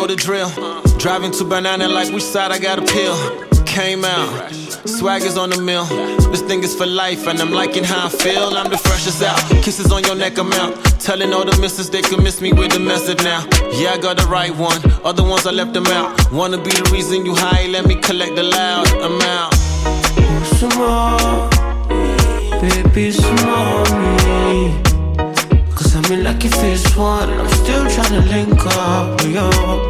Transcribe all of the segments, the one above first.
know the drill. Driving to banana like we side I got a pill. Came out, swaggers on the mill. This thing is for life, and I'm liking how I feel. I'm the freshest out. Kisses on your neck, I'm out. Telling all the misses they could miss me with the message now. Yeah, I got the right one. Other ones I left them out. Wanna be the reason you high? Let me collect the loud. I'm out. Some more, baby, me. Cause I'm in mean, like if it's one, I'm still trying to link up with you.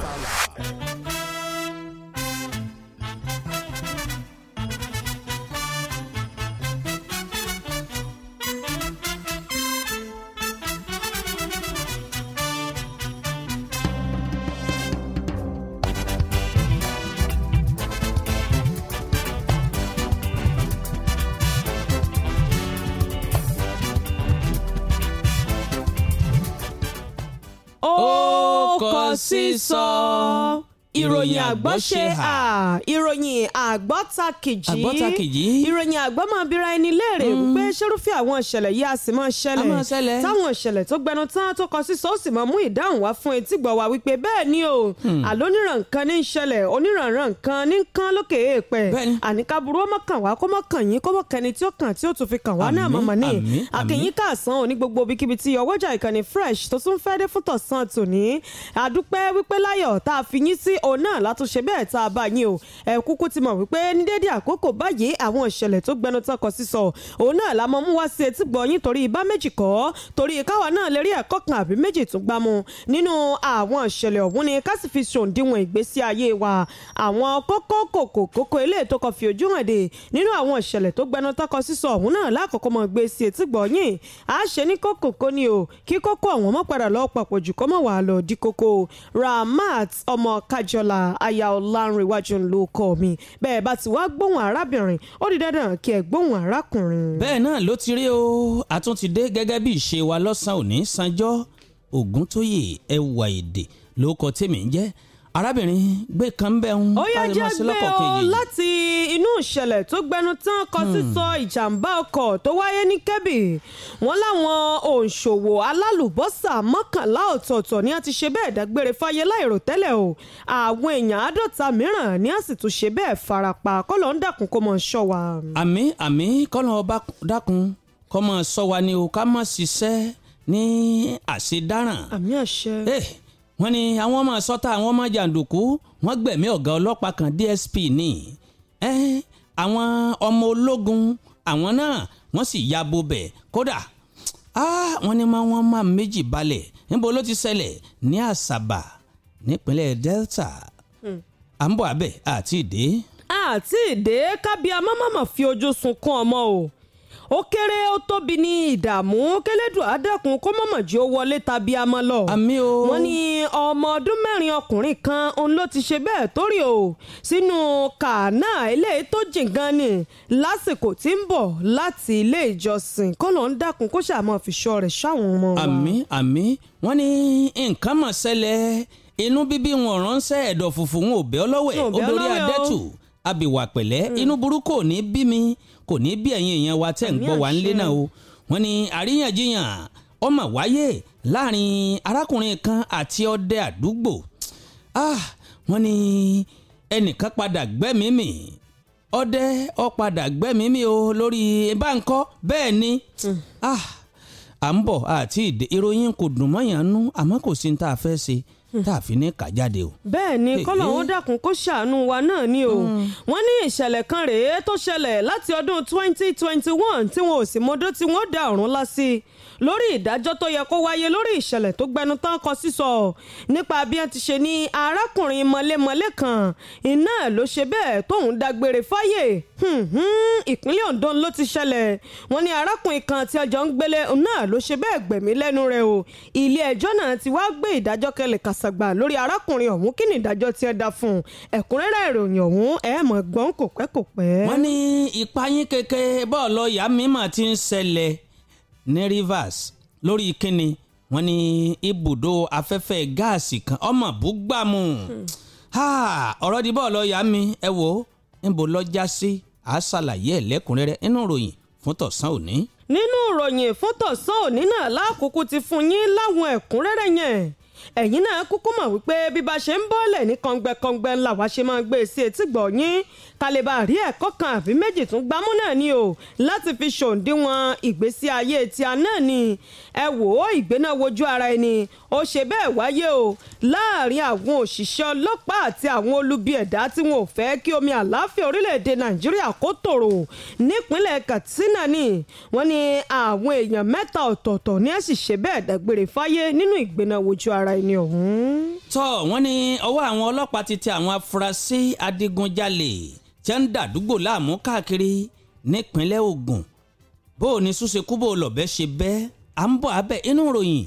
ìròyìn àgbọ́ ṣe à ìròyìn àgbọ́ takìjì ìròyìn àgbọ́ máa bira ẹni léèrè hmm. wípé ṣerúfẹ́ àwọn ìṣẹ̀lẹ̀ yìí a sì máa ṣẹlẹ̀ táwọn ìṣẹ̀lẹ̀ tó gbẹnu tán tó kọ sí sọ́ọ̀sì máa mú ìdáhùn wá fún etí gbọ̀ wá wípé bẹ́ẹ̀ ni o hmm. àlọ́ oníran nǹkan ní ṣẹlẹ̀ oníranran nǹkan ní kán lókè èèpẹ̀ àníkàburú ọmọ kàn wá kó mọ̀ kàn yín kó mọ̀ kẹni tí ó kàn tí ó tún fi kàn wá náà mọ̀mọ́ ní àkìyín kàásán òní gbogbo ibikíbi tí ọwọ́jà ìkànnì fresh tó tún fẹ́ dé fún tọ̀sán tòní àdúpẹ́ wípé láyọ̀ tá a fi yín sí o o náà látúnṣe bẹ́ẹ̀ tá a bá yín o ẹ kúkú ti mọ̀ wípé ní dédé àkókò báyìí àwọn ìṣẹ̀lẹ̀ tó gbẹnu tán sísọ òun náà la mọ mú wá sí etí gbọ́ yín torí ibà méjì kọ́ torí káwa náà lè rí ẹ̀kọ́ kan àbí méjì tó gbámú nínú àwọn ìṣẹ̀lẹ̀ ọ̀hún ni ká sì fi ṣòǹdíwọ̀n ìgbésí ayé wa àwọn kókó kòkò kókó ilé tó kọ fi ojú hàn dé nínú àwọn ìṣẹ̀lẹ̀ tó gbẹnu ni o kí kókó àwọn mọ́ padà lọ́ọ́ papọ̀ jù kọ́ di kókó Ramat ọmọ kaj Abíọ́lá aya Ọlárìnwájú ń lo ọkọ mi bẹ́ẹ̀ bá ti wá gbóhùn arábìnrin ó di dandan kí ẹ gbóhùn arákùnrin. bẹ́ẹ̀ náà ló ti rí o àtúntìdé gẹ́gẹ́ bí ìṣe wa lọ́sàn-án òní sanjọ́ Ògúntóyè ẹwà èdè ló tèmi ń jẹ́ arábìnrin gbé kan bẹ́ẹ̀ ń tàbí lọ́kọ̀ọ̀kan yìí. láti inú ìṣẹ̀lẹ̀ tó gbẹnu tán kọ hmm. sísọ ìjàmbá ọkọ̀ tó wáyé ní Kebbi wọn láwọn òǹṣòwò alálùbọ́sà mọ́kànlá ọ̀tọ̀ọ̀tọ̀ ni a ti ṣe bẹ́ẹ̀ dágbére fáyé láìrò tẹ́lẹ̀ o àwọn èèyàn àádọ́ta mìíràn ni a sì tún ṣe bẹ́ẹ̀ farapa kọ́lọ́ ń dákun kó mọ̀ ṣọ́ wa. àmín àmín kọ́lọ́ kọ́ mọ̀ ni o ká mọ̀ wọ́n ní àwọn ọmọ sọ́tà àwọn ọmọ jàǹdùkú wọ́n gbẹ̀mí ọ̀gá ọlọ́pàá kan DSP ní ẹ́ àwọn ọmọ ológun àwọn náà wọ́n sì ya bobẹ̀ kódà ah, wọ́n ní máa wọ́n máa méjì balẹ̀ níbo ló ti ṣẹlẹ̀ ní Àsàbà nípínlẹ̀ Delta hmm. à ń bọ̀ abẹ́ àti ìdè. àti ìdè kábíyá mọ́mọ́mọ́ fi ojú sunkún ọmọ o ó kéré ó tóbi ní ìdààmú kẹlẹ́dùn àdẹ́kùn kó mọ̀mọ̀ jí ó wọlé tàbí amọ́ lọ. àmì o. wọ́n ní ọmọ ọdún mẹ́rin ọkùnrin kan òun ló ti ṣe bẹ́ẹ̀ torí o sínú kàánà eléyìí tó jìn gan ni lásìkò tí ń bọ̀ láti ilé ìjọsìn kó lọ́n dákun kó ṣàmọ́ fi rẹ̀ ṣáwọn ọmọ wa. àmì àmì wọ́n ní nǹkan mọ̀ ṣẹlẹ̀ inú bíbí wọn ránṣẹ́ ẹ̀dọ̀ fùfù wọn ọlọ́wẹ̀ ó adẹ́tù abìwà pẹ̀lẹ́ inú burúkú ò ní bí mi kò ní bí ẹ̀yin èèyàn wa tẹ̀ ń gbọ́ wa ńlé náà o wọ́n ní àríyànjiyàn ó mà wáyé láàrin arákùnrin kan àti ọdẹ àdúgbò ah wọ́n ní ẹnìkan padà gbẹ́mìímì ọdẹ ó padà gbẹ́mìímì o lórí báńkọ́ bẹ́ẹ̀ ni hmm. ah à ń bọ̀ àti ìdè ìròyìn kò dùn mọ́yàn nú àmọ́ kò sí ní tá fẹ́ ṣe. Hmm. tá a fi ní kà jáde o. bẹ́ẹ̀ ni kọ́lọ̀ ó eh. dákun kó ṣàánú wa náà ni o hmm. wọ́n ní ìṣẹ̀lẹ̀ kan rèé tó ṣẹlẹ̀ láti ọdún twenty twenty one tí wọn ò sì mọdó tí wọ́n dá ọ̀run lásì lórí ìdájọ́ tó yẹ kó wáyé lórí ìṣẹ̀lẹ̀ tó gbẹnu tán kan sísọ nípa bí wọ́n ti ṣe ní arákùnrin mọ̀lẹ́mọ̀lẹ́ kan iná ló ṣe bẹ́ẹ̀ tóun dágbére fáyè ìpínlẹ̀ Ondo ló ti ṣẹlẹ̀ wọ́n ní arákùnrin kan tí ọjọ́ ń gbélé náà ló ṣe bẹ́ẹ̀ gbẹ̀mí lẹ́nu rẹ̀ o ilé ẹjọ́ náà ti wá gbé ìdájọ́ kẹlẹ̀ kàṣàgbà lórí arákùnrin ọ̀hún kí ni ìdájọ́ tí ẹ dá fún un ẹ̀kúnrẹ́rẹ́ ìròyìn ọ̀hún ẹ mọ̀ gbọ́n kò pẹ́ kò pẹ́. wọ́n ní ìpayín keke bọ́ọ̀lù ọ̀yà mímọ̀ ti ń ṣẹlẹ̀ ní Rivers lórí kíni wọ́n ní ibùdó afẹ́fẹ́ gáàsì kan ọmọ búgbàmù hmm. ọ̀rọ̀ di bọ́ọ̀lù ọ̀yà mi ẹ wo níbo lọ́jà sí a ṣàlàyé ẹ̀ lẹ́kùnrẹ́rẹ́ nínú ìròyìn fún tọ̀sán òní. nínú ìròyìn fún tọ̀sán òní náà lákòókò ti fún yín láwọn ẹ̀kúnrẹ́rẹ́ yẹn ẹ̀yin náà kúkú mọ̀ wípé bí bá ṣe ń bọ́lẹ̀ ní kọ̀ǹgbẹ́kọ̀ǹgbẹ́ ńlá wa ṣe máa ń gbé e sí etí gbọ̀ yín kálíbà rí ẹ̀kọ́ kan àbí méjì tún gbámú náà ni o láti fi ṣòǹdíwọ̀n ìgbésí ayé tíá náà ni ẹ wò ó ìgbéná wojú ara ẹni ó ṣe bẹ́ẹ̀ wáyé o láàrin àwọn òṣìṣẹ́ ọlọ́pàá àti àwọn olubi ẹ̀dá tí wọn ò fẹ́ kí omi àlàáfíà orílẹ̀-èdè nàìjíríà kó tòrò nípínlẹ̀ katsina ni wọ́n ní àwọn èèyàn mẹ́ta ọ̀tọ̀ọ̀tọ̀ ni ẹ̀ sì ṣe bẹ́ẹ̀ dágbére fáyé nínú ìgbéná wojú ara ẹni ẹni ọ̀hún. tọ́ wọ́n ní ọwọ́ àwọn ọlọ́pàá ti tẹ àwọn afurasí adigunjalè tí ń dàdúgbò láàmú káàkiri nípínlẹ̀ Ògùn bó o ní súnṣe kú bó o lọ̀bẹ ṣe bẹ́ẹ̀ à ń bọ̀ abẹ́ inú ìròyìn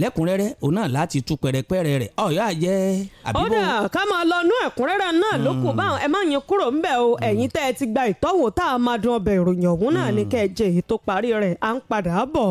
lẹ́kùnrẹ́rẹ́ òun náà láti tú pẹrẹpẹrẹ rẹ̀ ọ̀yọ́ àjẹ́ àbíbó. ó dà ká máa lọ inú ẹ̀kúnrẹ́rẹ́ náà ló kù hmm. báwọn ẹ má yín kúrò ńbẹ̀ o hmm. ẹ̀yin tẹ́ ẹ ti gba ìtọ́wò tá a máa dun ọbẹ̀ ìròyìn ọ̀hún náà ní hmm. kẹ́ èyí tó parí rẹ̀ à ń padà bọ̀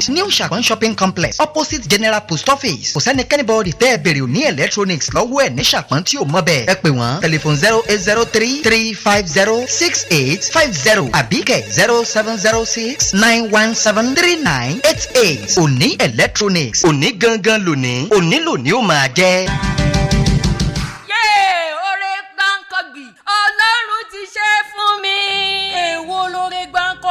find new Ṣàpọ́n shopping complex opposite general post office kò sẹ́ni kẹ́nìbọ̀dì tẹ́ ẹ bèrè ní electronics lọ́wọ́ ẹ̀ ní Ṣàpọ́n tí o mọ̀ bẹ́ẹ̀ ẹ pè wọ́n tẹlifon zero eight zero three three five zero six eight five zero àbíkẹ́ zero seven zero six nine one seven three nine eight eight òní electronics òní gangan lónìí òní lónìí ó máa jẹ́.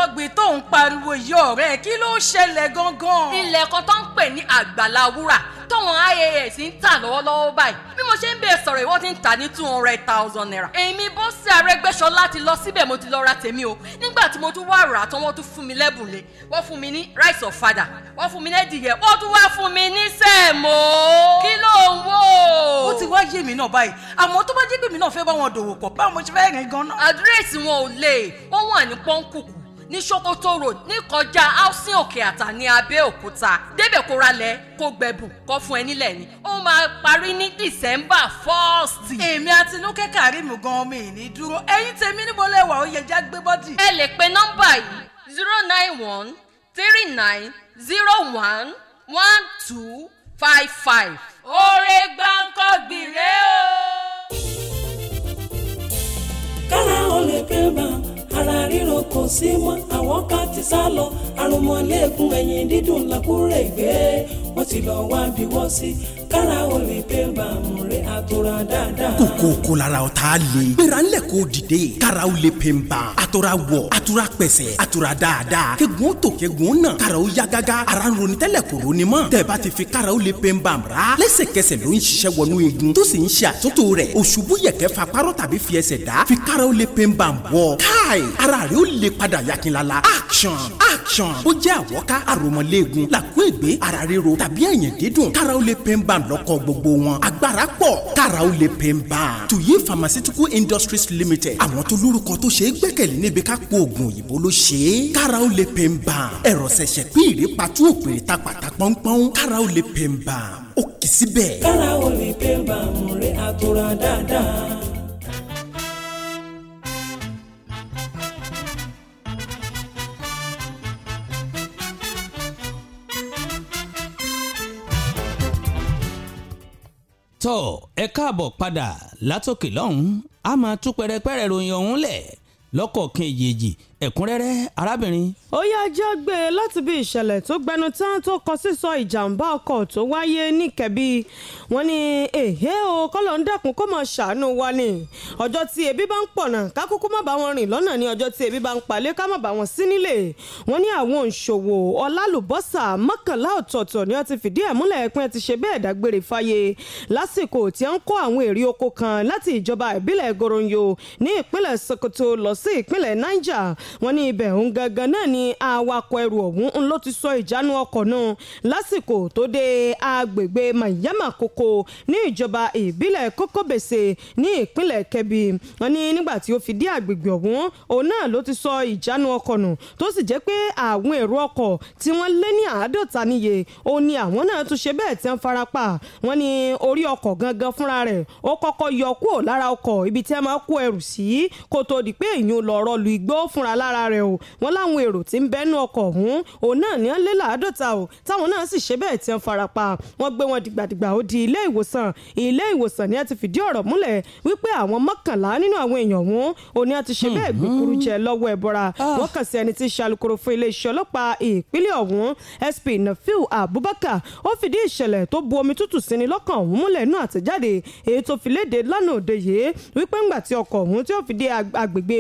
ọ̀gbìn tó ń pariwo yìí ọ̀rẹ́ kí ló ṣẹlẹ̀ gangan. ilẹ̀ kan tó ń pè ní àgbàlá wúrà tóun ias ń tà lọ́wọ́lọ́wọ́ báyìí bí mo ṣe ń bẹ̀ sọ̀rọ̀ ìwọ́n ti ń tà ní two hundred thousand naira. èmi bó ṣe Arẹ́gbẹ́ṣọlá ti lọ síbẹ̀ mo ti lọ ra tèmi o nígbà tí mo tún wá rà tán wọ́n tún fún mi lẹ́bùnlé wọ́n fún mi ní rice of fada wọ́n fún mi ní wọ́n tún wá fún mi ní sẹ́ẹ̀mọ́. kí ló ń wò. ó ti wá yé mi náà báyìí àmọ́ tó bá jẹ́ pé mi náà fẹ́ bá wọn dòwò pọ̀ báwo mo ní sokoto road ní kọjá housing òkè àtà ní abẹ́òkúta débẹ̀ kó ralẹ̀ kó gbẹ̀bù kó fún ẹ nílẹ̀ ni ó máa parí ní december first. èmi àti nukẹ́ karim gan-an mi ì ní dúró ẹ̀yin tèmi níbo lè wà ó yẹ já gbé bọ́dì. ẹ lè pe nọ́mbà yìí zero nine one three nine zero one one two five five. oore gbàǹkọ̀gbìn rèé o. kára o lè bá sí mọ́ àwọn ká ti sá lọ àrùn ẹ̀yìn dídùn làkúrègbé tètè lọ wá bí wọ́n sí kára ò lè pé bàmù rẹ̀ àtòrà dáadáa. kòkó kò lára ọ̀tá le gbéra ńlẹ̀ kò dìde kára ò lè pè bá àtòrà wọ̀ àtòrà pẹ̀sẹ̀ àtòrà dáadáa kẹ́gun tó kẹ́gun náà kára ò yá gágá ara ń ronú tẹ́lẹ̀ kò ronú mọ́ tẹ̀bá ti fi kára ò lè pè bá ra lẹ́sẹ̀kẹsẹ̀ ló ń ṣiṣẹ́ wọnú igun tó sì ń ṣe àtúntò rẹ̀ òṣùbù yẹ̀kẹ́ fa párọ̀ tàbí fi ẹsẹ̀ dá fi kára ò lè pè bá wọ̀ action action. ó jẹ́ àwọ́ká àròmọléegun làkú ègbé ara ríro tàbí ẹ̀yìn dídùn kára ó lè pain ban lọ́kọ̀ gbogbo wọn agbára pọ̀ kára ó lè pain ban. tuyi pharmaceutical industries limited àwọn tó lórúkọ tó ṣe é gbẹ́kẹ̀lé níbi ká po oògùn òyìnbó ló ṣe é kára ó lè pain ban. ẹ̀rọ ṣẹ̀ṣẹ̀ pín ìrèpàtú òpèrè ta pàtà pọ́npọ́n kára ó lè pain ban ó kì í síbẹ̀. kára ó lè pain ban mo rí àtúrà dáadáa tọ ẹ káàbọ̀ padà látòkè lọ́hùn a máa tú pẹrẹpẹrẹ ròyìn ọ̀hún lẹ̀ lọ́kọ̀ọ̀kan èyí èjì ẹ̀kúnrẹ́rẹ́ arábìnrin. ó yá jẹ́ gbé e láti bí ìṣẹ̀lẹ̀ tó gbẹnu tán tó kọ sísọ ìjàmbá ọkọ̀ tó wáyé níkẹ́bí wọ́n ní èhé o kọ́lọ̀ ń dẹ́kun kó mọ̀ ṣàánú wa ni ọjọ́ tí ebi bá ń pọ̀nà ká kúkú má bá wọn rìn lọ́nà ní ọjọ́ tí ebi bá ń palẹ̀ ká má bá wọn sí nílé wọ́n ní àwọn òǹṣòwò ọlálùbọ́sà mọ́kànlá ọ̀tọ̀ọ̀tọ̀ ni wọ́n ti fìdí ẹ̀ múlẹ̀ pé ti ṣe bẹ́ẹ̀ dágbére fáyé lásìkò tí wọ́n ń kó àwọn èrè oko kan láti ìjọba ìbílẹ̀ goronyo ní ìpínlẹ̀ Sokoto lọ sí ìpínlẹ̀ Niger wọ́n ní ibẹ̀ òun gangan náà ni awakọ̀ ẹrù ọ̀hún ń ló ti sọ ìjánu ọkọ̀ náà lásìkò tó dé agbègbè mayama koko ní ìjọba ìbílẹ̀ kókóbèsè ní ìpínlẹ̀ kebbi wọ́n ní nígbà tí ó fi dé agbègbè ọ̀hún òun náà ló ti sọ ìjánu ọkọ̀ nù tó sì jẹ́ pé àwọn èrò ọkọ̀ tí wọ́n lé ní àádọ́ta níye ó ní àwọn náà tún ṣe bẹ́ẹ̀ tí wọ́n farapa wọ́n ní orí ọkọ̀ gangan fúnra rẹ̀ ó kọ́kọ́ yọ kúrò lára ọkọ̀ ibi tí wọ́n máa kó ẹrù sí kó tó di pé èèyàn lọ́ọ́ rọlù igbó fúnra lára rẹ̀ o wọ́n láwọn èrò tí ń bẹ́nu ọkọ̀ ọ̀hún òun náà ní án lé o táwọn náà sì ṣe bẹ́ẹ̀ tí wọ́n farapa wọ́n gbé wọn dìgbàdìgbà ó di ilé ìwòsàn ilé ìwòsàn ni a ti fìdí ọ̀rọ̀ múlẹ̀ wípé àwọn mọ́kànlá nínú àwọn èèyàn ọ̀hún òun ni a ti ṣe hmm. bẹ́ẹ̀ gbẹ̀kuru jẹ lọ́wọ́ ẹ̀bọra ah. wọ́n kàn sí ẹni tí í fún iléeṣẹ́ ọlọ́pàá ìpínlẹ̀ ọ̀hún sp nafiu abubakar ó fìdí ìṣẹ̀lẹ̀ tó bu omi tútù sí ni lọ́kàn ọ̀hún múlẹ̀ nínú àtẹ̀jáde èyí tó fi léde lánàá òde yìí wípé ńgbà tí ọkọ̀ ọ̀hún tí ó fi dé agbègbè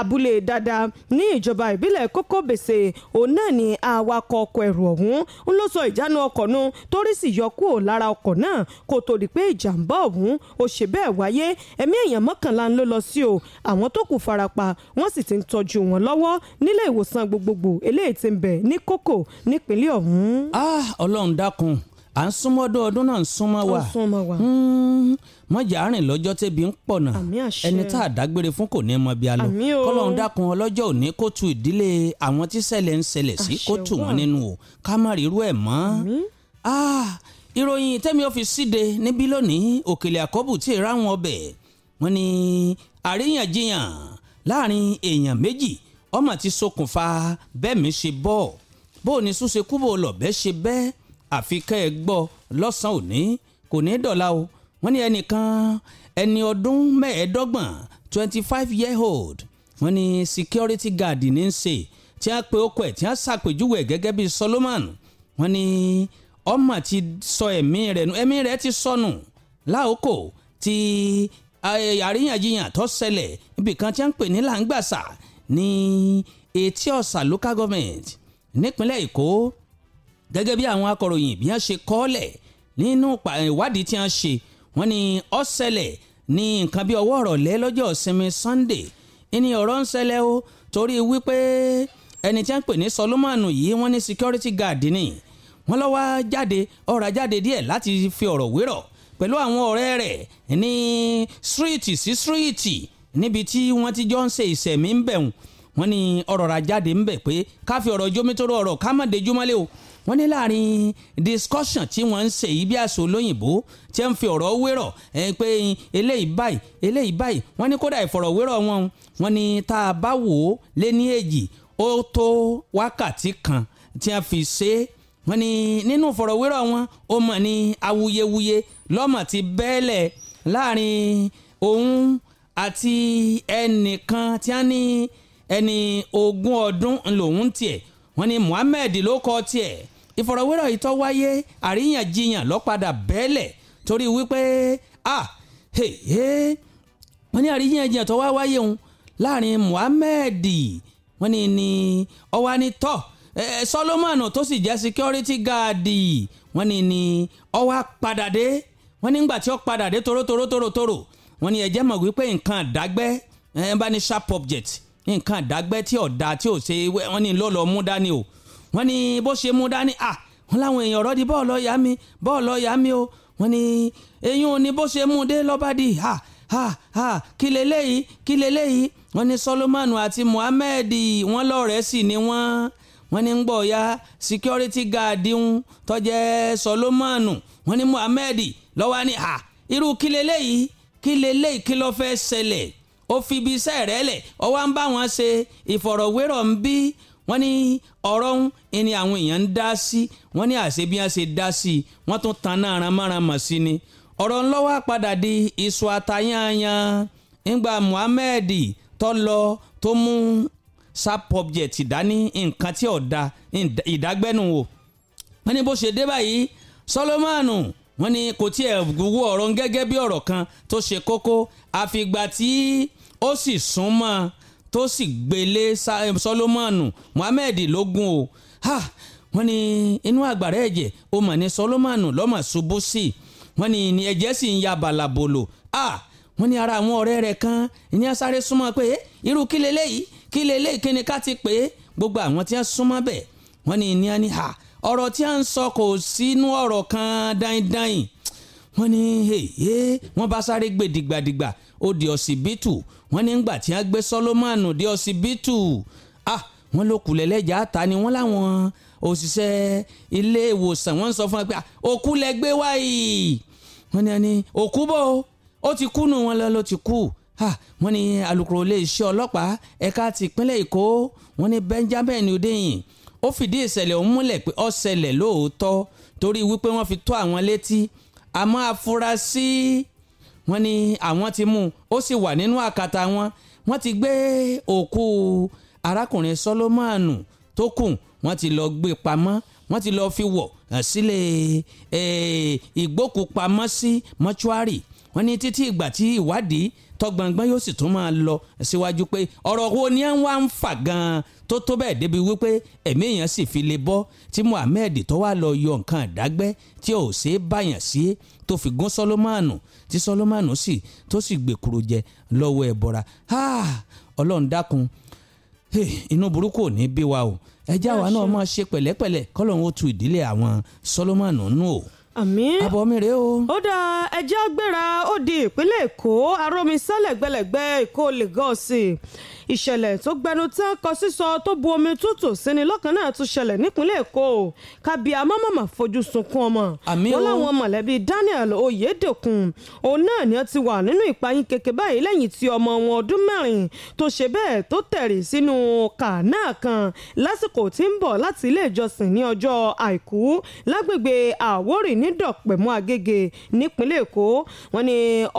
abúlé dada ní ìjọba ìbílẹ̀ kókóbèsè òun náà ni awakọ̀ ọkọ̀ ẹ̀rù ọ̀hún ń ló sọ ìjánu ọkọ̀ nu torí sì yọ lára ọkọ̀ náà kó tó di pé ìjàmbá ọ̀hún ó ṣe bẹ́ẹ̀ wáyé ẹ̀mí èèyàn mọ́kànlá ń ló lọ sí o àwọn tó kù farapa wọ́n sì ti ń tọ́jú wọn lọ́wọ́ nílé ìwòsàn gbogbogbò eléyìí tí ń bẹ ní kókó nípínlẹ̀ ọ̀hún. ah ọlọ́run dákun à ń súnmọ́ ọdọọdún náà ń súnmọ́ wa mọ̀jà rìn lọ́jọ́ tẹ́bi ń pọ̀nà ẹni tá a dágbére fún kò ní mọ bí a lọ kọ́lọ́run dákun ọlọ́jọ́ òní kó tu ìdílé àwọn tí ṣẹlẹ̀ ń ṣẹlẹ̀ sí kó tù wọ́n nínú o ká má rí irú ẹ̀ mọ́ ah, ìròyìn tẹ́mi ó fi síde níbí lónìí òkèlè àkọ́bù tí ì ráwọn ọbẹ̀ wọ́n ní àríyànjiyàn láàrin èèyàn méjì ọmọ ti ṣokùnfà bẹ́ẹ̀ mi ṣe bọ́ bóò ní súnṣekú bò lọ́bẹ̀ ṣe bẹ́ẹ̀ àfi kẹ́ ẹ gbọ́ lọ́sàn-án òní kò ní dọ̀la o wọ́n ní ẹnìkan ẹni ọdún mẹ́ẹ̀ẹ́dọ́gbọ̀n twenty five year old wọ́n ní security guard ní í ṣe tí a pe okọ̀ ẹ̀ tí a ṣàpèjúwe gẹ́gẹ́ bíi Solomon wọ́n ní ọmọ ti sọ ẹ̀mí rẹ̀ nù ẹ̀mí rẹ̀ ti sọnù láòkò tí àríyànjiyàn tó ṣẹlẹ̀ ibìkan tí a ń pè ní làǹgbàṣà ní etí ọ̀sà local government nípínlẹ̀ Èkó gẹ́gẹ́ bí àwọn akọ̀ròyìn bí wọ́n ṣe kọ́ọ̀lẹ̀ nínú ìwádìí tí wọ́n ṣe wọ́n ní ó ṣẹlẹ̀ ní nǹkan bí ọwọ́ ọ̀rọ̀lẹ́ lọ́jọ́ ìsinmi Sunday ìní ọ̀rọ̀ ń ṣẹlẹ̀ o torí wípé ẹni tí wọ́n pè ní Solomon yìí wọ́n ní security guard ni wọ́n lọ wá jáde ọ̀rọ̀ jáde díẹ̀ láti fi ọ̀rọ̀ wérọ̀ pẹ̀lú àwọn ọ̀rẹ́ rẹ̀ ní síríìtì sí síríìtì níbi tí wọ́n ti jọ ń ṣe ìṣẹ̀mí ń bẹ̀hùn wọ́n ní ọ̀rọ̀ ra jáde ń bẹ̀ pé ká fi ọ̀rọ̀ jómi ọ̀rọ̀ ká má dejúmọ́lé o wọ́n ní láàrin discussion tí wọ́n ń ṣe yìí bí àṣọ olóyìnbó tí ń fi ọ̀rọ̀ wérọ̀ ẹ̀ pé eléyìí báyìí eléyìí báyìí wọ́n ní kódà ìfọ̀rọ̀wérọ̀ wọn wọ́n ní tá a bá wò ó lé ní èjì ó tó wákàtí kan tí wọ́n fi ṣe é wọ́n ní nínú ìfọ̀rọ̀wérọ̀ wọn ó mọ̀ ní awuyewuye lọ́mọ̀ ti bẹ́ẹ̀lẹ̀ láàrin òun àti ẹnìkan tí wọ́n ní ẹni ogún ọdún lòun tiẹ̀ wọ́n ní Muhammed ló kọ tiẹ̀ ìfọ̀rọ̀wérọ̀ yìí tó wáyé àríyànjiyàn ló padà bẹ́ẹ̀lẹ̀ torí wípé ah hey, hey. wọ́n ní àríyànjiyàn tó wá wáyé òun láàrin Muhammed wọ́n ní ní ọwá ní tọ́ Solomon tó sì jẹ́ security guard wọ́n ní ní ọwá padà dé wọ́n ní ńgbà tí ó padà dé tòrótòrótòrótòrò wọ́n ní ẹ̀jẹ̀ mọ̀ wípé nǹkan àdágbẹ́ ẹ̀ bá ní sharp object nǹkan àdágbẹ́ tí ọ̀dà tí ò ṣe wọ́n ní lọ́lọ́ mú dání o wọ́n ní bó ṣe mú dání à wọ́n láwọn èèyàn ọ̀rọ̀ di bọ́ọ̀lù ọ̀yà mi bọ́ọ̀lù ọ̀yà mi o wọ́n ní eyín òní bó ṣe mú dé lọ́ba di ha ha ha kí leléyìí kí leléyìí wọ́n ní Solomon àti Muhammed wọ́n lọ́ọ̀rẹ́ sì ni wọ́n wọ́n ní ń gbọ̀ ya security guard ń tọ́jẹ́ Solomon wọ́n ní Muhammed lọ́wọ́ ni ha irú kí leléyìí kí leléyìí kí ló fẹ́ ṣẹlẹ̀ ó fi ibi iṣẹ́ rẹ̀ lẹ̀ ó wá ń bá wọn ṣe ìfọ̀rọ̀wérọ̀ ń bí wọ́n ní ọ̀rọ̀ ń ni àwọn èèyàn ń dá sí wọ́n ní àṣẹ bí wọ́n ṣe dá sí i wọ́n tún tan náà ránmáránmà sí ni ọ̀rọ̀ ńlọ́wọ́ padà di iṣu àtayányan ńgbà Muhammed tó lọ tó mú subobject dání nǹkan tí ọ̀dà ìdágbẹ́nu wò wọ́n ní bó ṣe dé báyìí Solomon wọ́n ní kò tiẹ̀ gbowó ọ̀rọ̀ gẹ́gẹ́ bí ọ̀rọ̀ kan tó ṣe kókó àfìgbà tí ó sì sún ọ tó sì gbélé eh, Sólómọ́nù Muhammed lógún o ha wọ́n ní inú àgbàrá ẹ̀jẹ̀ ó mà ní Sólómọ́nù lọ́mọ̀ ṣubú sí i wọ́n ní ní ẹ̀jẹ̀ sì ń ya bàlàbòlò a wọ́n ní ara àwọn ọ̀rẹ́ rẹ̀ kan ní asáré súnmọ́ pé eh, irú kí leléyìí kí leléyìí kí ni ká ti pè é gbogbo àwọn tí wọ́n súnmọ́ bẹ̀ wọ́n ní ní ẹni ha ọ̀rọ̀ tí a ń sọ kò sínú ọ̀rọ̀ kan dáindáin wọ́n ní eh, wọ́n bá sáré gbèdìgbàdìgbà ó di ọsibítù wọ́n ní ngbà tí wọ́n gbé Sólómọ́nù di ọsibítù ah wọ́n ló kulẹ̀ lẹ́jà ta ni wọ́n láwọn òṣìṣẹ́ ilé ìwòsàn wọ́n ń sọ fún wa pé ah, òkú lẹ gbé wá yìí wọ́n ní ẹni òkú bò ó ti kú nù wọ́n lọ ló ti kú ah, wọ́n ní alukoro iléeṣẹ́ ọlọ́pàá ẹ̀ka tìpínlẹ̀ Èkó wọ́n ní Benjamin Hundeyin ó fìdí ìṣẹ̀lẹ̀ ọ̀hún múlẹ̀ pé ó ṣẹlẹ̀ torí wípé wọ́n fi tó àwọn létí àmọ́ afurasí wọ́n ní àwọn ti mú un ó sì wà nínú àkàtà wọn wọ́n ti gbé òkú arákùnrin Sólómọ́nù tó kù wọ́n ti lọ gbé pamọ́ wọ́n ti lọ fi wọ̀ eh, sílẹ̀ eh, ìgbókùpamọ́sí mọ́ṣúárì wọ́n ní títí ìgbà tí ìwádìí tọgbọ̀ngbọ́n yóò sì tún máa lọ síwájú pé ọ̀rọ̀ wo ni à ń wá ń fà gan-an tó tó bẹ́ẹ̀ débi wípé ẹ̀mí èèyàn sì fi lè bọ́ tí Muhammed tó wá lọ yọ nǹkan àdágbẹ́ tí ò ṣe é báyàn sí tó fi gún Sọlọ́mánù tí Sọlọ́mánù sì tó sì gbèkúrò jẹ lọ́wọ́ ẹ̀bọ̀ra Ọlọ́run dákun inú burúkú ò ní bí wa o ẹjẹ́ àwa náà máa ṣe pẹ̀lẹ́pẹ̀lẹ́ kọ́lọ́run ó tu ìdílé àwọn Sọlọ́mánù nù o àmín. àbọ̀mí rèé o. ó dáa ẹjẹ́ àgbéra ó di ìpínlẹ̀ èkó arómi sálẹ̀ gbẹlẹ̀gbẹ́ èkó lagos ìṣẹ̀lẹ̀ tó gbẹnu tán kọ sísọ tó bu omi tútù síni lọ́kàn náà tún ṣẹlẹ̀ nípínlẹ̀ èkó kábíyà mọ́mọ́mọ́ fojú sunkún ọmọ wọn láwọn mọ̀lẹ́bí Daniel Oyèdèkun òun náà ni ó ti wà nínú ìpayín keke báyìí lẹ́yìn tí ọmọ wọn ọdún mẹ́rin tó ṣe bẹ́ẹ̀ tó tẹ̀rì sínú kànáà kan lásìkò tí ń bọ̀ láti ilé ìjọsìn ní ọjọ́ àìkú lágbègbè àwórì ní dọ̀pẹ̀mú agége nípínlẹ̀ èkó wọn ni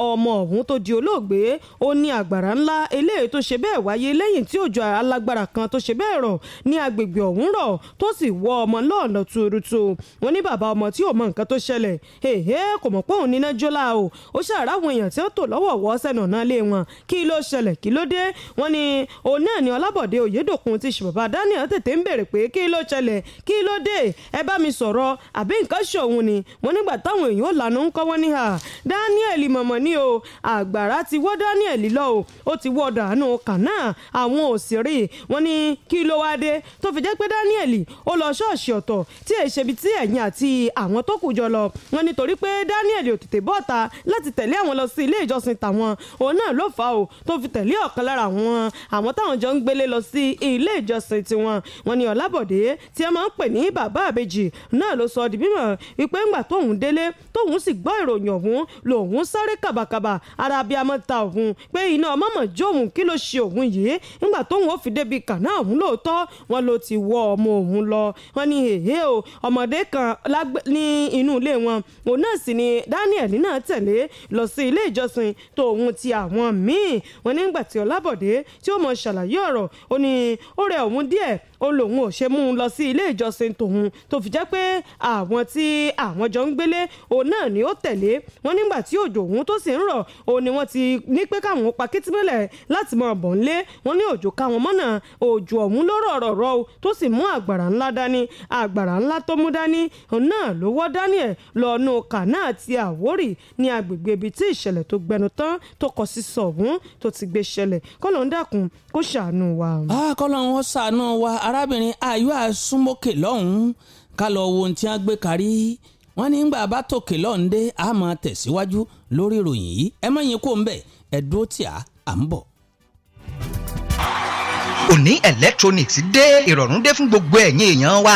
ọmọ ọ̀hún tó di olóògbé ó ní àgbàrá ńlá eléyìí tó ṣe bẹ́ẹ̀ wáyé ṣàlàyé lẹ́yìn tí òjò alágbára kan tó ṣe bẹ́ẹ̀ rọ̀ ní agbègbè ọ̀hún rọ̀ tó sì wọ ọmọ lọ́ọ̀nà tuurutu wọn ní bàbá ọmọ tí ò mọ nǹkan tó ṣẹlẹ̀ èhé kò mọ̀ pé òun níná jólá o ó ṣàrà àwọn èèyàn tí ó tò lọ́wọ́ wọ́ sẹ́nu ọ̀nà ilé wọn kí ló ṣẹlẹ̀ kí ló dé wọn ni òun náà ni ọlábọ̀dé òyedòkun ti ṣe bàbá daniel tètè ń béèrè pé kí ló ṣẹlẹ̀ kí ló dé ẹ bá mi sọ̀rọ̀ àbí nǹkan ṣòun ni wọn nígbà táwọn èèyàn ò lànà ń wọn níhà daniel mọ̀mọ́ ni o àgbàrá ti wọ́ daniel lọ o ó ti wọ́ dànù kànáà náà àwọn ò sì rí i wọ́n ní kí ló wá dé tó fi jẹ́ pé Daniel ó lọ ṣọ́ọ̀ṣì ọ̀tọ̀ tí èyí ṣe bí tí ẹ̀yìn àti àwọn tó kù jọ lọ wọ́n nítorí pé Daniel ò tètè bọ́ ta láti tẹ̀lé àwọn lọ sí ilé ìjọsìn tàwọn òun náà ló fà ó tó fi tẹ̀lé ọ̀kan lára àwọn àwọn táwọn jọ ń gbélé lọ sí ilé ìjọsìn tiwọn wọ́n ní Ọlábọ̀dé tí ẹ máa ń pè ní bàbá àbejì náà ló sọ di wípé ńgbà tóun délé tóun sì gbọ́ ìròyìn ọ̀hún lòun sáré kàbàkàbà ara abiyamọ ta òun pé iná ọmọ mọ̀ òun kí ló ṣe òun yìí yìí nígbà tóun ó fi débi kànáà ọ̀hún lóòótọ́ wọn ló ti wọ ọmọ òun lọ wọn ní èhé o ọmọdé kan ní inú ilé wọn òun náà sì ni Daniel náà tẹ̀lé lọ sí ilé ìjọsìn tóun ti àwọn míì wọn nígbà tí Ọlábọ̀dé tí ó mọ ṣàlàyé ọ̀rọ̀ ó ní ó rẹ òun díẹ̀ ó lòun ò ṣe mú un lọ sí ilé ìjọsìn tòun tó fi jẹ́ pé àwọn tí àwọn jọ ń gbélé òun náà ni ó tẹ̀lé wọn nígbà tí òjò òun tó sì ń rọ̀ òun ni wọ́n ti ní pé káwọn pa kìtìmọ́lẹ̀ láti máa bọ̀ ńlé wọn ní òjò káwọn mọ́nà òjò ọ̀hún ló rọ̀ rọ̀ rọ̀ tó sì mú àgbàrá ńlá dání àgbàrá ńlá tó mú dání òun náà ló wọ́ Daniel lọ́nu kànáà àti Àwórì ní agbègbè ibi tí ìṣẹ̀lẹ̀ tó gbẹnu tán tó kọ sí sọ̀hún tó ti gbé ṣẹlẹ̀ kọ́lọ́ ń dákun kó ṣàánú wa. Ah, kọ́lọ́ ń ṣàánú wa arábìnrin ayọ̀ àsúnmọ́kè lọ́hùn ká lọ wo ohun tí wọ́n gbé kárí wọ́n ní gbà bá tòkè lọ́hùn dé a máa tẹ̀síwájú lórí ìròyìn yìí ẹ mọ̀ yín kó ń bẹ̀ ẹ̀ dúró tì á à ń bọ̀ òní electronics dé ìrọ̀rùn dé fún gbogbo ẹ̀yin èèyàn wa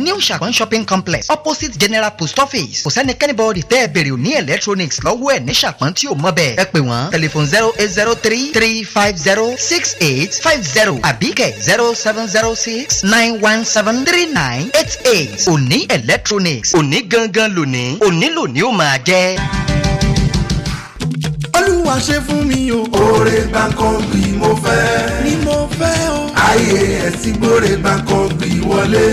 new Ṣàpọ̀n shopping complex opposite general post office kò sẹ́ni kẹ́nìbọ̀dì tẹ́ ẹ bèrè ní electronics lọ́wọ́ ẹ̀ ní Ṣàpọ̀n tí o mọ̀ bẹ́ẹ̀ ẹ pè wọ́n tẹlifon zero eight zero three three five zero six eight five zero àbíkẹ́ zero seven zero six nine one seven three nine eight eight òní electronics òní gangan lónìí òní lónìí ó máa jẹ́ olúwa ṣe fún mi o. oore Gbankanbi mo fẹ́. ni mo fẹ́ o. ayé ẹ̀ tí gbóre Gbankanbi wọlé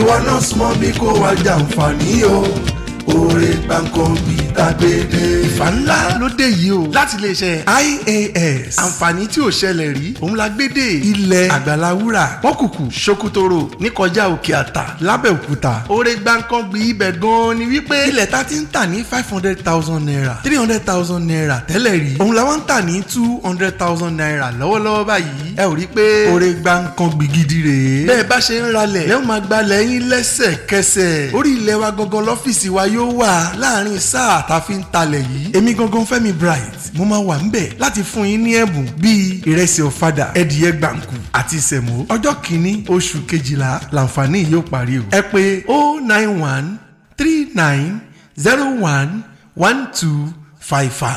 ìwọ náà súnmọ́ mi kó wá jàǹfààní o oore bankomi tàgbéde. ìfà ńlá ló dé yìí o láti iléeṣẹ́ IAS àǹfààní tí ò ṣẹlẹ̀ rí òun la gbé dé ilẹ̀ àgbàlá wúrà pọ́kùkù ṣokòtòrò níkọjá òkè àtà lábẹ́òkúta oore bankomi ibẹ̀ gan-an ni wípé ilẹ̀ ta ti ń tà ní five hundred thousand naira three hundred thousand naira tẹ́lẹ̀ rí òun la wá ń tà ní two hundred thousand naira lọ́wọ́lọ́wọ́ báyìí ẹ ò rí pé oore bankomi gidi rèé bẹ́ẹ̀ bá ṣe ń ralẹ̀ lẹ́wọ̀n máa gbalẹ̀ yín lẹ́sẹ̀kẹsẹ̀ orí ilẹ̀ wa gangan lọ́fíìsì wa y yóò wà láàrin sáà tá a fi ń talẹ̀ yìí èmi gangan Fẹ́mi Bright mo máa wà ńbẹ̀ láti fún yín ní ẹ̀bùn bíi ìrẹsì ọ̀fadà ẹ̀dìyẹ gbàǹkù àti ìsẹ̀mó ọjọ́ kìíní oṣù kejìlá làǹfààní yóò parí o ẹ pè 09139011255.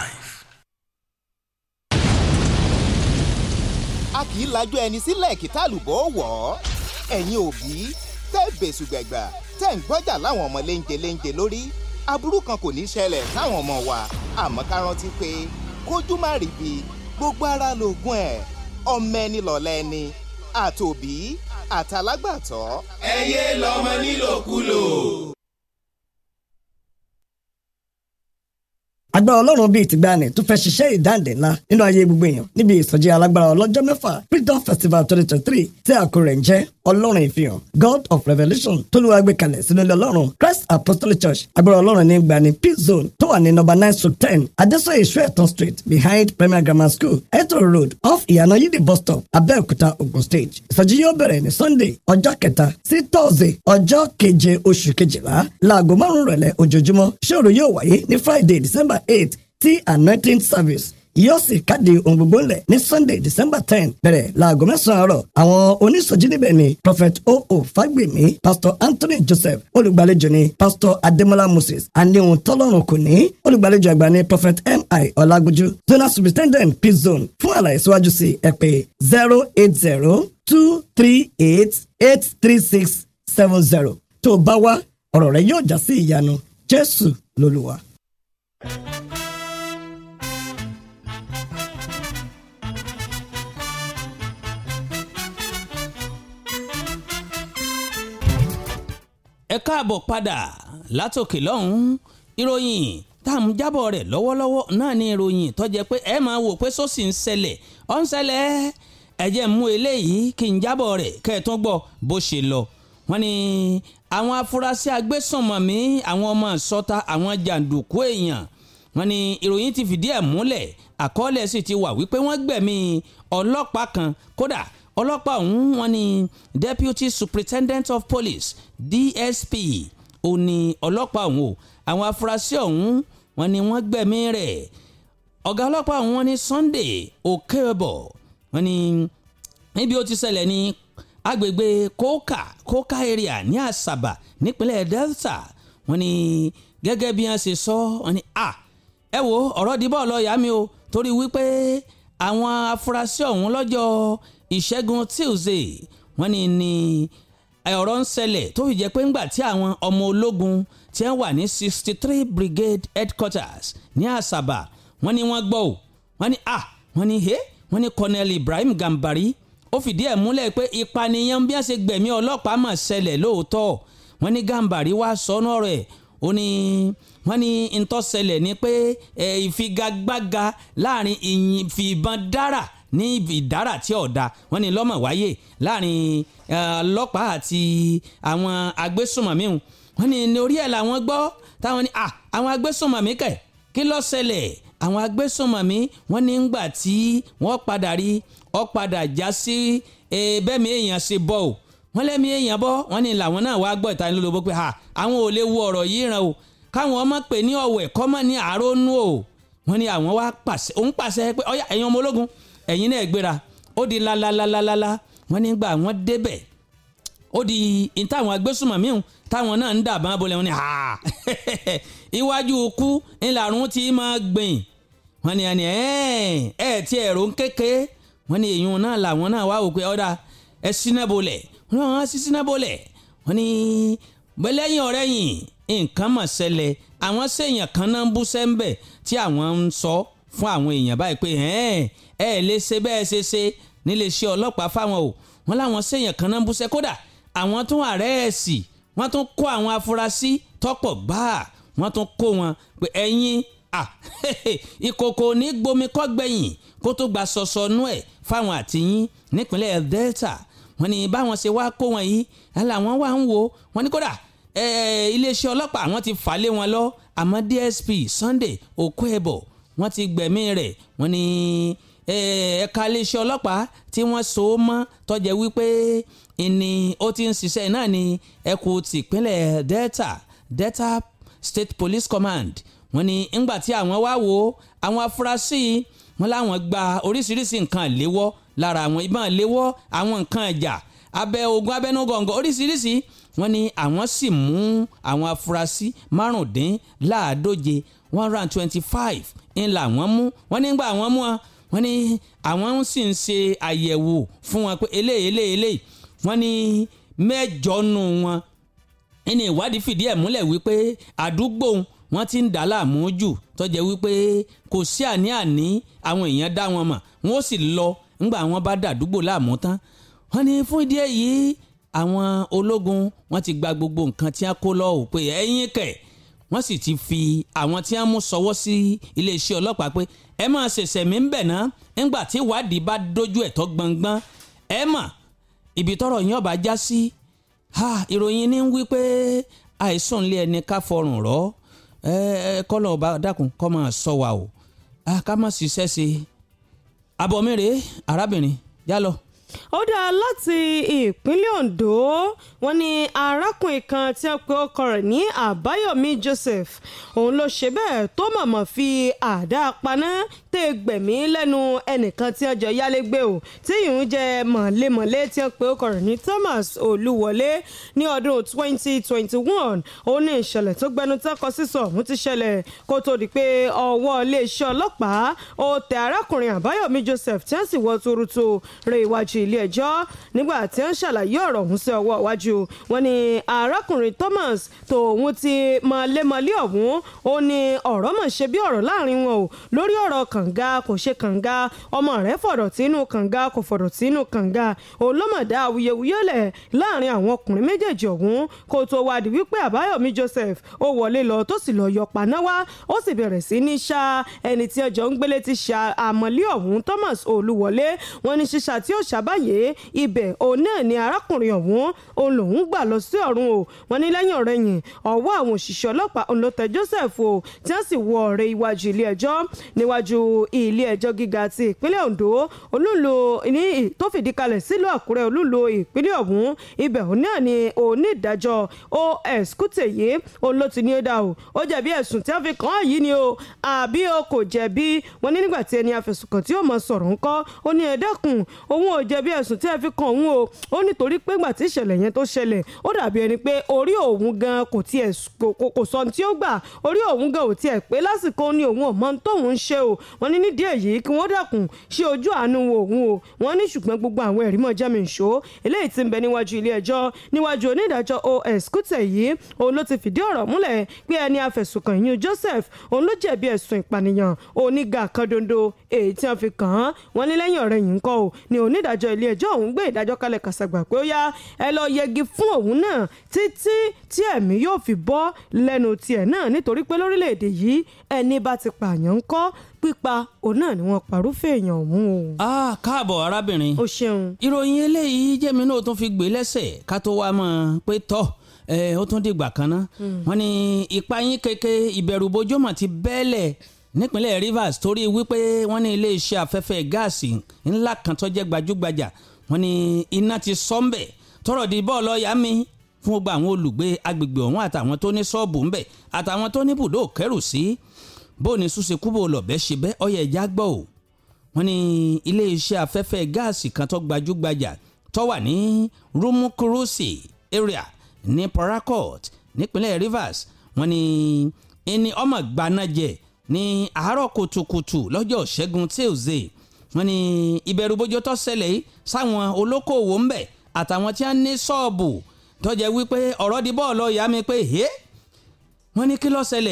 a kì í lajú ẹni sílẹ̀ kí tálùbọ̀ wọ̀ ọ́ ẹ̀yin òbí tẹ́ bẹ̀sùgbẹ̀gbà tẹ́ ń gbọ́jà láwọn ọmọ léńjẹ léńjẹ lórí aburú kan kò ní ṣẹlẹ̀ sáwọn ọmọ wa àmọ́ ká rántí pé kójú má rí bi gbogbo ara lògùn ẹ̀ ọmọ ẹni lọ̀lẹ́ ẹni àtòbí àtàlágbàtọ́. ẹ yé lọmọ nílòkulò. agbára ọlọ́run bíi ìtìgbani tó fẹ́ ṣiṣẹ́ ìdáǹdè ńlá nínú ayé gbogbo èèyàn níbi ìsọjí alágbára ọlọ́jọ́ mẹ́fà freedom festival twenty twenty three tí àkórè ń jẹ́ ọlọ́run ìfihàn god of revelation tólúwa gbé kalẹ̀ sínú ilé ọlọ́run christ apostolic church agbára ọlọ́run ní gbani peace zone tó wà ní number nine to ten adesoye ìṣúẹ̀tàn street behind premier grammar school eto road off ìyànà yídì bus stop abẹ́òkúta ogun stage ìsọjí yóò bẹ̀rẹ̀ ní sunday ọjọ́ kẹta sí thursday ọjọ́ keje oṣù kejìlá láago márùn-ún rẹ̀lẹ̀ ojoojúmọ́ ṣòro yóò wáyé ní friday december eight ti anointing service yóò sì káde ohun gbogbo ńlẹ̀ ní sunday december ten bẹ̀rẹ̀ láago mẹ́sàn-án àárọ̀ àwọn oníṣòjì níbẹ̀ ni prophet oo fagbemi pastor anthony joseph olùgbàlejò ni pastor Ademola moses àníhun tọ́lọ́run kò ní olùgbàlejò àgbà ni prophet mi ọlágúnjú zona superintendent p zone fún àlàyé síwájú sí ẹ pè zero eight zero two three eight eight three six seven zero tó o bá wá ọ̀rọ̀ rẹ yóò já sí ìyanu jésù lolúwa. ẹ káàbọ̀ padà látòkè lọ́hún ìròyìn tá à ń jábọ̀ rẹ̀ lọ́wọ́lọ́wọ́ náà ni ìròyìn tó jẹ́ pé ẹ máa wò pé sósì ń ṣẹlẹ̀ ọ̀ ń ṣẹlẹ̀ ẹ jẹ́ mú eléyìí kí n jábọ̀ rẹ̀ kẹ́ẹ̀tún gbọ́ bó ṣe lọ. wọ́n ní àwọn afurasí agbésùnmọ̀mí àwọn ọmọ ìsọta àwọn jàǹdùkú èèyàn wọ́n ní ìròyìn ti fìdí ẹ̀ múlẹ̀ àkọọ́lẹ̀ sì ti wà wípé wọ́n gbẹ̀mí ọlọ́pàá kan kódà ọlọ́pàá ọ̀hún wọn ni deputy superintendent of police DSP ó ní ọlọ́pàá ọ̀hún o àwọn afurasí ọ̀hún wọn ni wọ́n gbẹ̀mí rẹ̀ ọ̀gá ọlọ́pàá ọ̀hún wọn ni Sunday Okebo wọn ni níbi ó ti ṣẹlẹ̀ ní agbègbè Koka Koka area ní Asaba nípínlẹ̀ Delta wọn ni gẹ́gẹ́ bí wọ́n ṣe sọ wọn ni a ẹ wo ọ̀rọ̀ dìbò ọlọ́yà o torí wípé àwọn afurasí ọ̀hún lọ́jọ́ ìṣẹ́gun Tuesday wọ́n ní ní ọ̀rọ̀ ń ṣẹlẹ̀ tó fi jẹ́ pé ńgbà tí àwọn ọmọ ológun tí wọ́n wà ní sixty three brigade headquarters ní Asaba wọ́n ní wọ́n gbọ́ ò wọ́n ní ah wọ́n ní he wọ́n ní Colonel Ibrahim Gambari ó fìdí ẹ̀ múlẹ̀ pé ìpànìyàn bí wọ́n ṣe gbẹ̀mí ọlọ́pàá mà ṣẹlẹ̀ lóòótọ́ wọ́n ní Gambari wá sọnù ọ̀rọ̀ ẹ̀ ó ní wọ́n ní ntọ́sẹlẹ̀ ni pé ìfigagbága láàrin ìfìbọn dára ní ìdára tí ọ̀dà wọ́n ní lọ́mọ̀ wáyé láàrin ọlọ́pàá àti àwọn agbésùnmọ̀mí wọ́n ní orí ẹ̀ làwọn gbọ́ táwọn ní àwọn agbésùnmọ̀mí kẹ̀ kí ló ṣẹlẹ̀ àwọn agbésùnmọ̀mí wọ́n ní ńgbà tí wọ́n padà rí ó padà já sí bẹ́ẹ̀mí èèyàn ṣe bọ́ ò wọ́n lẹ́mí èèyàn bọ́ wọ́n ní làwọn náà wá gbọ́ ìtanilólobó pé àwọn ò lè wo ọ̀rọ̀ yìí ràn o káwọn ọmọ pè ní ọ̀wẹ̀ kọ́mọ ní àárọ̀ o wọ́n ní àwọn wá pàṣẹ òun pàṣẹ pé ẹ̀yin ọmọ ológun ẹ̀yin náà gbéra ó di lálálálálá wọ́n nígbà wọ́n débẹ̀ ó di ìtàwọn agbésùmọ̀mí táwọn náà ń dàbọn abolẹ̀ wọn ni iwájú kú ńlárun tí máa gbìn wọ́n ní ẹni ẹ tí ẹ̀rọ ń kéke wọ́n ní èyí náà làwọn náà wá òpin ọ̀dà ẹ sínábolẹ̀ wọ́n náà sí sínábolẹ̀ wọ́n ní bẹ́lẹ́yìn ọ̀rẹ́ yìí nǹkan mọ̀ ṣẹlẹ̀ àwọn sèèyàn kan náà ń bú sẹ́ńbẹ̀ tí àwọn ń sọ. So fún àwọn èèyàn báyìí pé ẹ ẹ lè ṣe bẹ́ẹ̀ ṣe ṣe níléeṣẹ́ ọlọ́pàá fáwọn o wọ́n láwọn séèyàn kan náà ń buṣẹ́ kódà àwọn tún àrẹ́ẹ̀sì wọ́n tún kó àwọn afurasí tọ́pọ̀ gbáà wọ́n tún kó wọn pé ẹ̀yin à ìkòkò ní gbomi kọ́gbẹ̀yìn kó tó gba sọ̀sọ̀ nú ẹ̀ fáwọn àtìyìn nípínlẹ̀ Delta wọ́n ní báwọn ṣe wá kó wọn yìí àlà wọn wà ń wo wọ́n ní kódà iléeṣẹ́ ọlọ́pàá àwọn ti fà Sunday Okoẹbọ wọ́n ti gbẹ̀mí rẹ̀ wọ́n ní ẹ̀ka iléeṣẹ́ ọlọ́pàá tí wọ́n so mọ́ tọ́jẹ́ wípé ìní ó ti ń ṣiṣẹ́ náà ní ẹkùn tìpínlẹ̀ Delta Delta State Police Command wọ́n ní ńgbà tí àwọn wá wo àwọn afurasí wọ́n láwọn gba oríṣiríṣi nǹkan léwọ́ lára àwọn ìbọn léwọ́ àwọn nǹkan ẹ̀jà abẹ ogun abẹnugọ̀ngọ̀ oríṣiríṣi wọ́n ní àwọn sì mú àwọn afurasí márùndínláàdóje one hundred and twenty-five ńlá wọ́n mú wọ́n nígbà wọ́n mú wọn wọ́n ní àwọn sì ń ṣe àyẹ̀wò fún wọn pé eléyìí eléyìí eléyìí wọ́n ní mẹ́jọ nù wọn ẹni ìwádìí fìdí ẹ̀ múlẹ̀ wípé àdúgbò wọn ti ń dà láàmú jù tó jẹ́ wípé kò sí àní-àní àwọn èèyàn dá wọn mọ̀ wọn ó sì lọ ńgbà wọn bá dàdúgbò láàmú tán wọ́n ní fún ìdí èyí àwọn ológun wọ́n ti gba gbogbo nǹkan tí a kó lọ ò pé ẹ̀yin kẹ̀ wọ́n sì ti fi àwọn tí a mú sọwọ́ sí iléeṣẹ́ ọlọ́pàá pé ẹ máa ṣẹ̀ṣẹ̀ mí ń bẹ̀ ná nígbà tí ìwádìí bá dójú ẹ̀tọ́ gbọ̀ngbọ̀n ẹ mà ibi tọ́rọ̀ yín ọba já sí ìròyìn ní wí pé àìsàn lé ẹni ká fọrùn rọ ẹ ẹ kọlọ ọba dákun kọ máa sọ wa o ká má ṣiṣẹ́ ṣe abọ́mẹ́rẹ́ arábìnrin yálọ. Ó dáa láti ìpínlẹ̀ Ondo wọ́n ní arákùnrin kan tí wọ́n pe ọkọ rẹ̀ ní àbáyọ̀mí joseph òun ló ṣe bẹ́ẹ̀ tó mọ̀mọ́ fi àdá paná tẹ́ gbẹ̀mí lẹ́nu ẹnìkan tí wọ́n jọ yálégbé o tí ìhun jẹ́ mọ̀lẹ́mọ̀lẹ́ tí wọ́n pe ọkọ rẹ̀ ní thomas olúwọlé ní ọdún 2021 òun ní ìṣẹ̀lẹ̀ tó gbẹnu tẹ́kọ sísọ ọ̀hún ti ṣẹlẹ̀ kó tó di pé ọwọ́ iléeṣẹ́ ọlọ́pàá ó tẹ arákùnrin àbáyọ̀mí joseph tí wọ́n sì wọ́ tuurutu rẹ̀ iwájú ilé ẹjọ́ nígbà tí iwájú jù wọ́n ní arákùnrin Thomas tòun ti mọ̀lẹ́mọ̀lẹ́ ọ̀hún ó ní ọ̀rọ̀ mọ̀ ṣe bí ọ̀rọ̀ láàrin wọn o lórí ọ̀rọ̀ kànga kò ṣe kànga ọmọ rẹ̀ fọ̀rọ̀ tínú kànga kò fọ̀rọ̀ tínú kànga olómọ̀dá awuyewuye lẹ̀ láàrin àwọn ọkùnrin méjèèjì ọ̀hún kó tó wádìí wípé àbáyọ̀mí Joseph ó wọlé lọ tó sì lọ yọ paná wá ó sì bẹ̀rẹ̀ sí ní ṣá ẹni tí ọjọ́ ń gbélé ti ṣá àmọ́lé ọ̀hún Thomas olúwọlé wọn ní ṣíṣà tí ó ṣàbàyè ibẹ̀ òun náà ni arákùnrin ọ̀hún òun lòún gbà lọ sí ọ̀run o wọ́n ní lẹ́yìn ọ̀rẹ̀yìn ọwọ́ àwọn òṣìṣẹ́ ọlọ́pàá òun Joseph o tí wọ́n sì wọ ọ̀rẹ́ iwájú ilé ẹjọ́ níwájú ilé ẹjọ́ gíga ti ìpínlẹ̀ Ondo olúlo ní tó fìdí kalẹ̀ sílùú Àkúrẹ́ olúlo ìpínlẹ̀ ọ̀hún ibẹ̀ òun náà ni onídàájọ́ O.S. Kútèyé òun ló ti ní ẹ̀dá o ó jẹ̀bi ẹ̀sùn tí wọ́n fi kàn án yìí ni o àbí o kò jẹ̀bi wọ́n ní nígbà tí ẹni afẹ̀sùnkàn tí yóò máa sọ̀rọ̀ ńkọ́ ó ní ẹ̀dẹ́kùn òun ò jẹ̀bi ẹ̀sùn tí wọ́n fi kàn òun o ó nítorí pé nígbà tí ìṣẹ̀lẹ̀ yẹn tó ṣẹlẹ̀ ó dàbí ẹni pé orí òun gan kò tiẹ̀ kò sọ tí ó gbà orí òun gan ò tiẹ̀ pé lásìkò ni òun ò mọ tóun ń ṣe o wọ́n ní nídìí èyí kí wọ́n dákun ṣe ojú àánú òun o wọ́n ní ṣùgbọ́n gbogbo àwọn ẹ̀rí mọ̀ jẹ́mi ìṣó eléyìí ti ń bẹ níwájú ilé ẹjọ́ níwájú onídàájọ́ os kútẹ̀ yìí òun ló ti fìdí ọ̀rọ̀ múlẹ̀ pé ẹni afẹ̀sùnkàn yín joseph òun ló jẹ̀bi ẹ̀sùn ìpànìyàn oníga kan dondo èyí tí wọ́n fi kàn án wọ́n ní lẹ́yìn ọ̀rẹ́ yìí ń kọ́ o ni onídàájọ́ ilé ẹjọ́ òun gbé ìdájọ́ kalẹ̀ kàṣàgbà pé ó yá ẹ lọ yẹg igi fún òun náà títí tí ẹ̀mí yóò fi bọ́ lẹ́nu tiẹ̀ náà nítorí pé lórílẹ̀‐èdè yìí ẹni bá ti pààyàn ń kọ́ pípa òun náà ni wọ́n parúfẹ́ èèyàn ọ̀hún o. a káàbọ̀ arábìnrin. o ṣeun. ìròyìn eléyìí jẹ́mi náà tún fi gbé lẹ́sẹ̀ ká tó wá mọ́ pé tọ́ ẹ ó tún dìgbà kan ná hmm. wọ́n ní ipa yín keke ìbẹ̀rùbojo mọ̀ ti bẹ́ẹ̀lẹ̀ nípínlẹ̀ Rivers torí wípé wọ́n ní iléeṣẹ́ afẹ́fẹ́ gáàsì ńlá kan tó jẹ́ gbajúgbajà wọ́n ní iná ti sọ́ńbẹ̀ tọrọ di bọ́ọ̀lù ọ̀yà mi fún gbogbo àwọn olùgbé agbègbè ọ̀hún àtàwọn tó ní ṣọ́ọ̀bù ńbẹ̀ àtàwọn tó ní bùdó kẹrù sí bó ní súnṣe kúbò lọ̀bẹ ṣe bẹ́ ọyẹ ẹja gbọ́ ò wọ́n ní iléeṣẹ́ afẹ́fẹ́ gáàsì kan tó gbajúgbajà tó wà ní rumukurusi area ní Port Harcourt nípínlẹ̀ Rivers wọ́n ní ẹni ọmọ gbanájẹ ní àárọ̀ kùtùkùtù lọ́jọ́ ṣẹ́gun Tuesday wọ́n ní ìbẹ̀rù bójútó ṣẹlẹ̀ sáwọn olókoòwò ńbẹ̀ àtàwọn tí wọ́n ní ṣọ́ọ̀bù tó jẹ́ wípé ọ̀rọ̀ di bọ́ọ̀lù ọ̀yà mi pé ẹ́ wọ́n ní kí ló ṣẹlẹ̀